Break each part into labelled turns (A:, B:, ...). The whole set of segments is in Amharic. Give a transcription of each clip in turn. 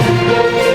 A: Música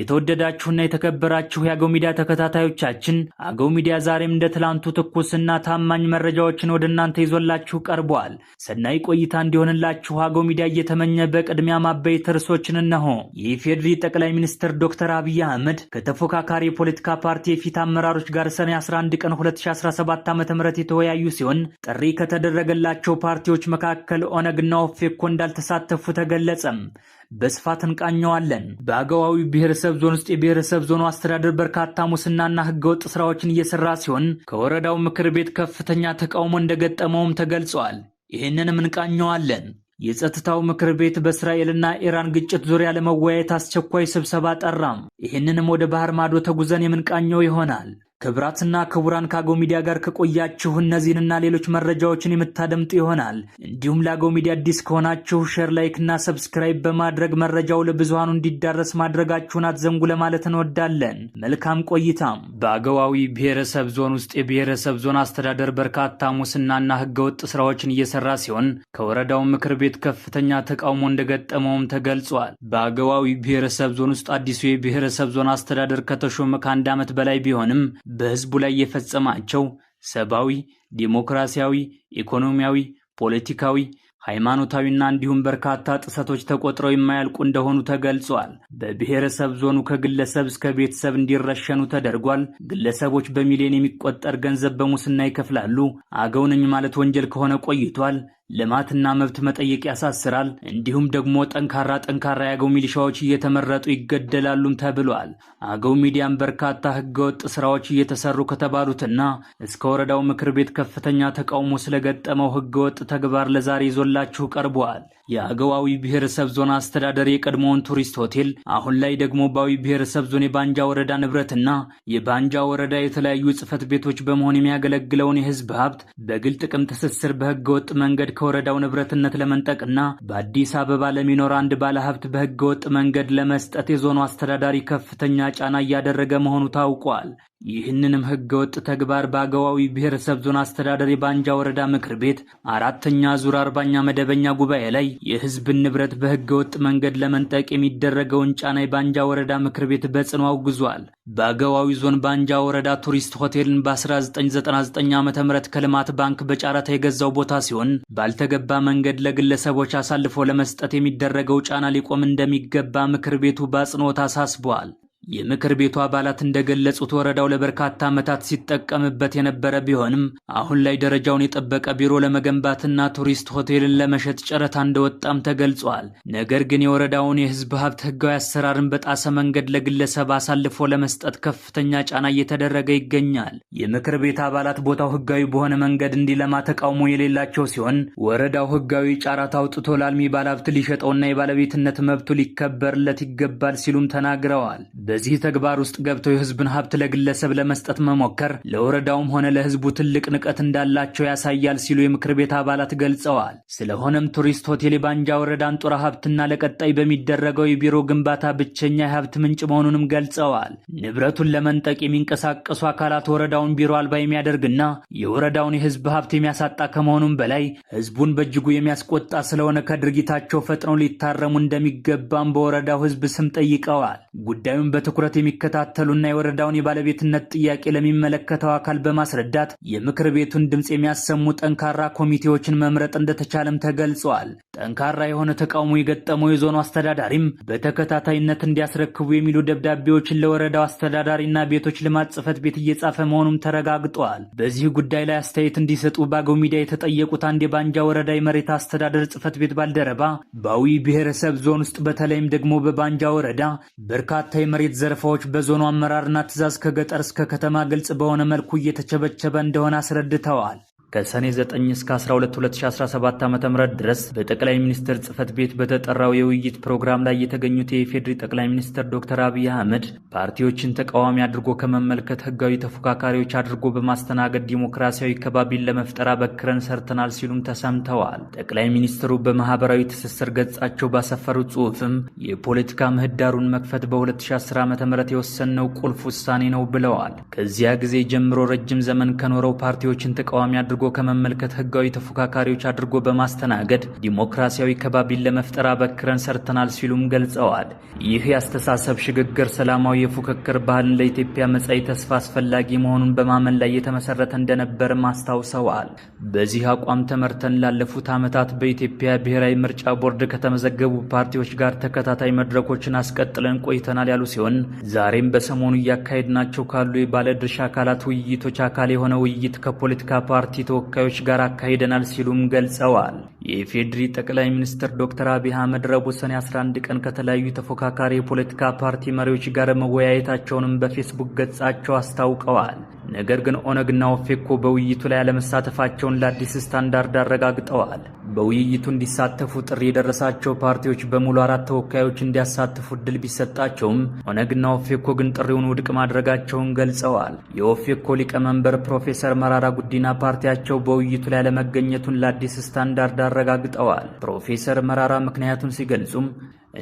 A: የተወደዳችሁና የተከበራችሁ የአገው ሚዲያ ተከታታዮቻችን አገው ሚዲያ ዛሬም እንደ ትላንቱ ትኩስና ታማኝ መረጃዎችን ወደ እናንተ ይዞላችሁ ቀርቧል። ሰናይ ቆይታ እንዲሆንላችሁ አገው ሚዲያ እየተመኘ በቅድሚያ ማበይት ርዕሶችን እነሆ። የኢፌዴሪ ጠቅላይ ሚኒስትር ዶክተር አብይ አህመድ ከተፎካካሪ የፖለቲካ ፓርቲ የፊት አመራሮች ጋር ሰኔ 11 ቀን 2017 ዓ ም የተወያዩ ሲሆን ጥሪ ከተደረገላቸው ፓርቲዎች መካከል ኦነግና ኦፌኮ እንዳልተሳተፉ ተገለጸም። በስፋት እንቃኘዋለን። በአገዋዊ ብሔረሰብ ዞን ውስጥ የብሔረሰብ ዞኑ አስተዳደር በርካታ ሙስናና ህገወጥ ስራዎችን እየሰራ ሲሆን ከወረዳው ምክር ቤት ከፍተኛ ተቃውሞ እንደገጠመውም ተገልጿል። ይህንንም እንቃኘዋለን። የጸጥታው ምክር ቤት በእስራኤልና ኢራን ግጭት ዙሪያ ለመወያየት አስቸኳይ ስብሰባ ጠራም። ይህንንም ወደ ባህር ማዶ ተጉዘን የምንቃኘው ይሆናል። ክብራትና ክቡራን ከአገው ሚዲያ ጋር ከቆያችሁ እነዚህንና ሌሎች መረጃዎችን የምታደምጡ ይሆናል። እንዲሁም ለአገው ሚዲያ አዲስ ከሆናችሁ ሼር፣ ላይክና ሰብስክራይብ በማድረግ መረጃው ለብዙሃኑ እንዲዳረስ ማድረጋችሁን አትዘንጉ ለማለት እንወዳለን። መልካም ቆይታም። በአገዋዊ ብሔረሰብ ዞን ውስጥ የብሔረሰብ ዞን አስተዳደር በርካታ ሙስናና ህገወጥ ስራዎችን እየሰራ ሲሆን ከወረዳው ምክር ቤት ከፍተኛ ተቃውሞ እንደገጠመውም ተገልጿል። በአገዋዊ ብሔረሰብ ዞን ውስጥ አዲሱ የብሔረሰብ ዞን አስተዳደር ከተሾመ ከአንድ ዓመት በላይ ቢሆንም በህዝቡ ላይ የፈጸማቸው ሰብአዊ፣ ዲሞክራሲያዊ፣ ኢኮኖሚያዊ፣ ፖለቲካዊ፣ ሃይማኖታዊና እንዲሁም በርካታ ጥሰቶች ተቆጥረው የማያልቁ እንደሆኑ ተገልጿል። በብሔረሰብ ዞኑ ከግለሰብ እስከ ቤተሰብ እንዲረሸኑ ተደርጓል። ግለሰቦች በሚሊዮን የሚቆጠር ገንዘብ በሙስና ይከፍላሉ። አገው ማለት ወንጀል ከሆነ ቆይቷል። ልማትና መብት መጠየቅ ያሳስራል። እንዲሁም ደግሞ ጠንካራ ጠንካራ የአገው ሚሊሻዎች እየተመረጡ ይገደላሉም ተብሏል። አገው ሚዲያም በርካታ ህገወጥ ስራዎች እየተሰሩ ከተባሉትና እስከ ወረዳው ምክር ቤት ከፍተኛ ተቃውሞ ስለገጠመው ህገወጥ ተግባር ለዛሬ ይዞላችሁ ቀርበዋል። የአገዋዊ ብሔረሰብ ዞን አስተዳደር የቀድሞውን ቱሪስት ሆቴል አሁን ላይ ደግሞ በአዊ ብሔረሰብ ዞን የባንጃ ወረዳ ንብረትና የባንጃ ወረዳ የተለያዩ ጽህፈት ቤቶች በመሆን የሚያገለግለውን የህዝብ ሀብት በግል ጥቅም ትስስር በህገወጥ መንገድ ከወረዳው ንብረትነት ለመንጠቅና በአዲስ አበባ ለሚኖር አንድ ባለሀብት በህገወጥ መንገድ ለመስጠት የዞኑ አስተዳዳሪ ከፍተኛ ጫና እያደረገ መሆኑ ታውቋል። ይህንንም ህገወጥ ተግባር በአገዋዊ ብሔረሰብ ዞን አስተዳደር የባንጃ ወረዳ ምክር ቤት አራተኛ ዙር አርባኛ መደበኛ ጉባኤ ላይ የህዝብን ንብረት በህገወጥ መንገድ ለመንጠቅ የሚደረገውን ጫና የባንጃ ወረዳ ምክር ቤት በጽኑ አውግዟል። በአገዋዊ ዞን ባንጃ ወረዳ ቱሪስት ሆቴልን በ1999 ዓ ም ከልማት ባንክ በጨረታ የገዛው ቦታ ሲሆን ባልተገባ መንገድ ለግለሰቦች አሳልፎ ለመስጠት የሚደረገው ጫና ሊቆም እንደሚገባ ምክር ቤቱ በአጽንኦት አሳስቧል። የምክር ቤቱ አባላት እንደገለጹት ወረዳው ለበርካታ ዓመታት ሲጠቀምበት የነበረ ቢሆንም አሁን ላይ ደረጃውን የጠበቀ ቢሮ ለመገንባትና ቱሪስት ሆቴልን ለመሸጥ ጨረታ እንደወጣም ተገልጿል። ነገር ግን የወረዳውን የሕዝብ ሀብት ሕጋዊ አሰራርን በጣሰ መንገድ ለግለሰብ አሳልፎ ለመስጠት ከፍተኛ ጫና እየተደረገ ይገኛል። የምክር ቤት አባላት ቦታው ሕጋዊ በሆነ መንገድ እንዲለማ ተቃውሞ የሌላቸው ሲሆን ወረዳው ሕጋዊ ጨረታ አውጥቶ ለአልሚ ባለሀብት ሊሸጠውና የባለቤትነት መብቱ ሊከበርለት ይገባል ሲሉም ተናግረዋል። በዚህ ተግባር ውስጥ ገብተው የህዝብን ሀብት ለግለሰብ ለመስጠት መሞከር ለወረዳውም ሆነ ለህዝቡ ትልቅ ንቀት እንዳላቸው ያሳያል ሲሉ የምክር ቤት አባላት ገልጸዋል። ስለሆነም ቱሪስት ሆቴል የባንጃ ወረዳ አንጡራ ሀብትና ለቀጣይ በሚደረገው የቢሮ ግንባታ ብቸኛ የሀብት ምንጭ መሆኑንም ገልጸዋል። ንብረቱን ለመንጠቅ የሚንቀሳቀሱ አካላት ወረዳውን ቢሮ አልባ የሚያደርግና የወረዳውን የህዝብ ሀብት የሚያሳጣ ከመሆኑም በላይ ህዝቡን በእጅጉ የሚያስቆጣ ስለሆነ ከድርጊታቸው ፈጥነው ሊታረሙ እንደሚገባም በወረዳው ህዝብ ስም ጠይቀዋል። ጉዳዩን በትኩረት የሚከታተሉና የወረዳውን የባለቤትነት ጥያቄ ለሚመለከተው አካል በማስረዳት የምክር ቤቱን ድምፅ የሚያሰሙ ጠንካራ ኮሚቴዎችን መምረጥ እንደተቻለም ተገልጿል። ጠንካራ የሆነ ተቃውሞ የገጠመው የዞኑ አስተዳዳሪም በተከታታይነት እንዲያስረክቡ የሚሉ ደብዳቤዎችን ለወረዳው አስተዳዳሪና ቤቶች ልማት ጽህፈት ቤት እየጻፈ መሆኑም ተረጋግጧል። በዚህ ጉዳይ ላይ አስተያየት እንዲሰጡ ባገው ሚዲያ የተጠየቁት አንድ የባንጃ ወረዳ የመሬት አስተዳደር ጽፈት ቤት ባልደረባ በአዊ ብሔረሰብ ዞን ውስጥ በተለይም ደግሞ በባንጃ ወረዳ በርካታ የመሬት የመሬት ዘርፋዎች በዞኑ አመራርና ትዕዛዝ ከገጠር እስከ ከተማ ግልጽ በሆነ መልኩ እየተቸበቸበ እንደሆነ አስረድተዋል። ከሰኔ 9 እስከ 12 2017 ዓ.ም ድረስ በጠቅላይ ሚኒስትር ጽህፈት ቤት በተጠራው የውይይት ፕሮግራም ላይ የተገኙት የኢፌዴሪ ጠቅላይ ሚኒስትር ዶክተር አብይ አህመድ ፓርቲዎችን ተቃዋሚ አድርጎ ከመመልከት ህጋዊ ተፎካካሪዎች አድርጎ በማስተናገድ ዲሞክራሲያዊ ከባቢን ለመፍጠር አበክረን ሰርተናል ሲሉም ተሰምተዋል። ጠቅላይ ሚኒስትሩ በማህበራዊ ትስስር ገጻቸው ባሰፈሩት ጽሁፍም የፖለቲካ ምህዳሩን መክፈት በ2010 ዓ.ም የወሰነው ቁልፍ ውሳኔ ነው ብለዋል። ከዚያ ጊዜ ጀምሮ ረጅም ዘመን ከኖረው ፓርቲዎችን ተቃዋሚ አድርጎ አድርጎ ከመመልከት ህጋዊ ተፎካካሪዎች አድርጎ በማስተናገድ ዲሞክራሲያዊ ከባቢን ለመፍጠር አበክረን ሰርተናል ሲሉም ገልጸዋል። ይህ የአስተሳሰብ ሽግግር ሰላማዊ የፉክክር ባህልን ለኢትዮጵያ መጻኢ ተስፋ አስፈላጊ መሆኑን በማመን ላይ የተመሰረተ እንደነበርም አስታውሰዋል። በዚህ አቋም ተመርተን ላለፉት ዓመታት በኢትዮጵያ ብሔራዊ ምርጫ ቦርድ ከተመዘገቡ ፓርቲዎች ጋር ተከታታይ መድረኮችን አስቀጥለን ቆይተናል ያሉ ሲሆን ዛሬም በሰሞኑ ናቸው ካሉ የባለድርሻ አካላት ውይይቶች አካል የሆነ ውይይት ከፖለቲካ ፓርቲ ተወካዮች ጋር አካሂደናል ሲሉም ገልጸዋል። የኢፌዴሪ ጠቅላይ ሚኒስትር ዶክተር አብይ አህመድ ረቡዕ ሰኔ 11 ቀን ከተለያዩ ተፎካካሪ የፖለቲካ ፓርቲ መሪዎች ጋር መወያየታቸውንም በፌስቡክ ገጻቸው አስታውቀዋል። ነገር ግን ኦነግና ኦፌኮ በውይይቱ ላይ አለመሳተፋቸውን ለአዲስ ስታንዳርድ አረጋግጠዋል። በውይይቱ እንዲሳተፉ ጥሪ የደረሳቸው ፓርቲዎች በሙሉ አራት ተወካዮች እንዲያሳትፉ እድል ቢሰጣቸውም ኦነግና ኦፌኮ ግን ጥሪውን ውድቅ ማድረጋቸውን ገልጸዋል። የኦፌኮ ሊቀመንበር ፕሮፌሰር መራራ ጉዲና ፓርቲያቸው በውይይቱ ላይ አለመገኘቱን ለአዲስ ስታንዳርድ አረጋግጠዋል። ፕሮፌሰር መራራ ምክንያቱን ሲገልጹም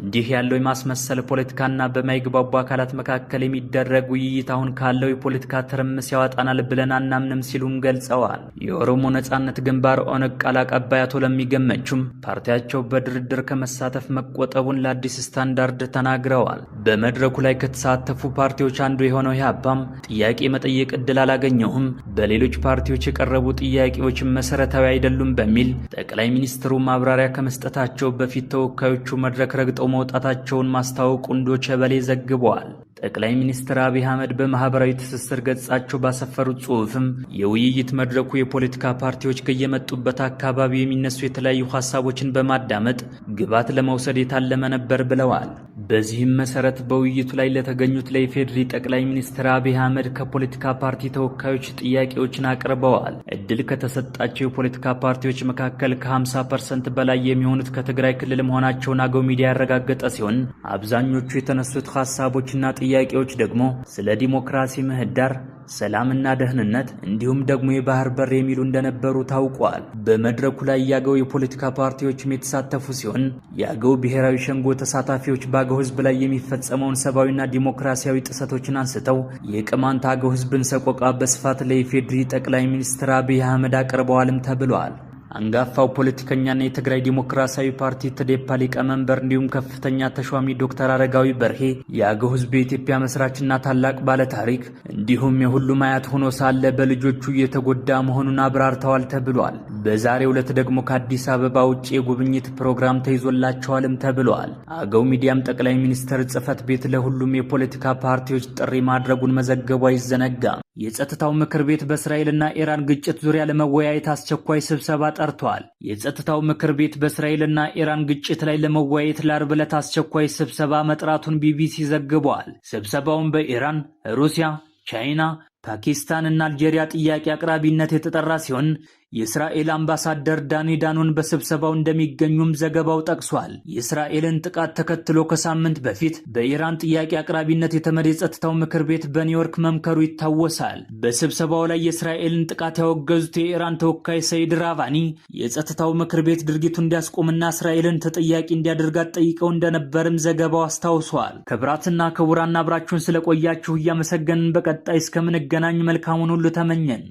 A: እንዲህ ያለው የማስመሰል ፖለቲካና በማይግባቡ አካላት መካከል የሚደረግ ውይይት አሁን ካለው የፖለቲካ ትርምስ ያወጣናል ብለን አናምንም ሲሉም ገልጸዋል። የኦሮሞ ነጻነት ግንባር ኦነግ ቃል አቀባይ አቶ ለሚገመቹም ፓርቲያቸው በድርድር ከመሳተፍ መቆጠቡን ለአዲስ ስታንዳርድ ተናግረዋል። በመድረኩ ላይ ከተሳተፉ ፓርቲዎች አንዱ የሆነው ኢህአፓም ጥያቄ መጠየቅ እድል አላገኘሁም፣ በሌሎች ፓርቲዎች የቀረቡ ጥያቄዎች መሰረታዊ አይደሉም በሚል ጠቅላይ ሚኒስትሩ ማብራሪያ ከመስጠታቸው በፊት ተወካዮቹ መድረክ ረግጠ ረግጠው መውጣታቸውን ማስታወቁን ዶቼ ቬለ ዘግቧል። ጠቅላይ ሚኒስትር አብይ አህመድ በማህበራዊ ትስስር ገጻቸው ባሰፈሩት ጽሑፍም የውይይት መድረኩ የፖለቲካ ፓርቲዎች ከየመጡበት አካባቢ የሚነሱ የተለያዩ ሀሳቦችን በማዳመጥ ግብዓት ለመውሰድ የታለመ ነበር ብለዋል። በዚህም መሰረት በውይይቱ ላይ ለተገኙት ለኢፌድሪ ጠቅላይ ሚኒስትር አብይ አህመድ ከፖለቲካ ፓርቲ ተወካዮች ጥያቄዎችን አቅርበዋል። እድል ከተሰጣቸው የፖለቲካ ፓርቲዎች መካከል ከ50 ፐርሰንት በላይ የሚሆኑት ከትግራይ ክልል መሆናቸውን አገው ሚዲያ ያረጋገጠ ሲሆን አብዛኞቹ የተነሱት ሀሳቦችና ጥያቄዎች ደግሞ ስለ ዲሞክራሲ ምህዳር፣ ሰላምና ደህንነት እንዲሁም ደግሞ የባህር በር የሚሉ እንደነበሩ ታውቋል። በመድረኩ ላይ የአገው የፖለቲካ ፓርቲዎችም የተሳተፉ ሲሆን የአገው ብሔራዊ ሸንጎ ተሳታፊዎች በአገው ህዝብ ላይ የሚፈጸመውን ሰብአዊና ዲሞክራሲያዊ ጥሰቶችን አንስተው የቅማንት አገው ህዝብን ሰቆቃ በስፋት ለኢፌዴሪ ጠቅላይ ሚኒስትር አብይ አህመድ አቅርበዋልም ተብሏል። አንጋፋው ፖለቲከኛና የትግራይ ዲሞክራሲያዊ ፓርቲ ተዴፓ ሊቀመንበር እንዲሁም ከፍተኛ ተሿሚ ዶክተር አረጋዊ በርሄ የአገው ህዝብ የኢትዮጵያ መስራችና ታላቅ ባለታሪክ እንዲሁም የሁሉም አያት ሆኖ ሳለ በልጆቹ እየተጎዳ መሆኑን አብራርተዋል ተብሏል። በዛሬው ዕለት ደግሞ ከአዲስ አበባ ውጭ የጉብኝት ፕሮግራም ተይዞላቸዋልም ተብለዋል። አገው ሚዲያም ጠቅላይ ሚኒስትር ጽህፈት ቤት ለሁሉም የፖለቲካ ፓርቲዎች ጥሪ ማድረጉን መዘገቡ አይዘነጋም። የጸጥታው ምክር ቤት በእስራኤልና ኢራን ግጭት ዙሪያ ለመወያየት አስቸኳይ ስብሰባ ተሰማርተዋል። የጸጥታው ምክር ቤት በእስራኤልና ኢራን ግጭት ላይ ለመወያየት ለአርብ ዕለት አስቸኳይ ስብሰባ መጥራቱን ቢቢሲ ዘግቧል። ስብሰባውን በኢራን፣ ሩሲያ፣ ቻይና ፓኪስታን እና አልጄሪያ ጥያቄ አቅራቢነት የተጠራ ሲሆን የእስራኤል አምባሳደር ዳኒ ዳኖን በስብሰባው እንደሚገኙም ዘገባው ጠቅሷል። የእስራኤልን ጥቃት ተከትሎ ከሳምንት በፊት በኢራን ጥያቄ አቅራቢነት የተመድ የጸጥታው ምክር ቤት በኒውዮርክ መምከሩ ይታወሳል። በስብሰባው ላይ የእስራኤልን ጥቃት ያወገዙት የኢራን ተወካይ ሰይድ ራቫኒ የጸጥታው ምክር ቤት ድርጊቱ እንዲያስቆምና እስራኤልን ተጠያቂ እንዲያደርጋት ጠይቀው እንደነበርም ዘገባው አስታውሷል። ክቡራትና ክቡራን አብራችሁን ስለቆያችሁ እያመሰገንን በቀጣይ እስከምንገናኝ መልካሙን ሁሉ ተመኘን።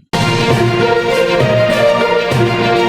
A: Thank you.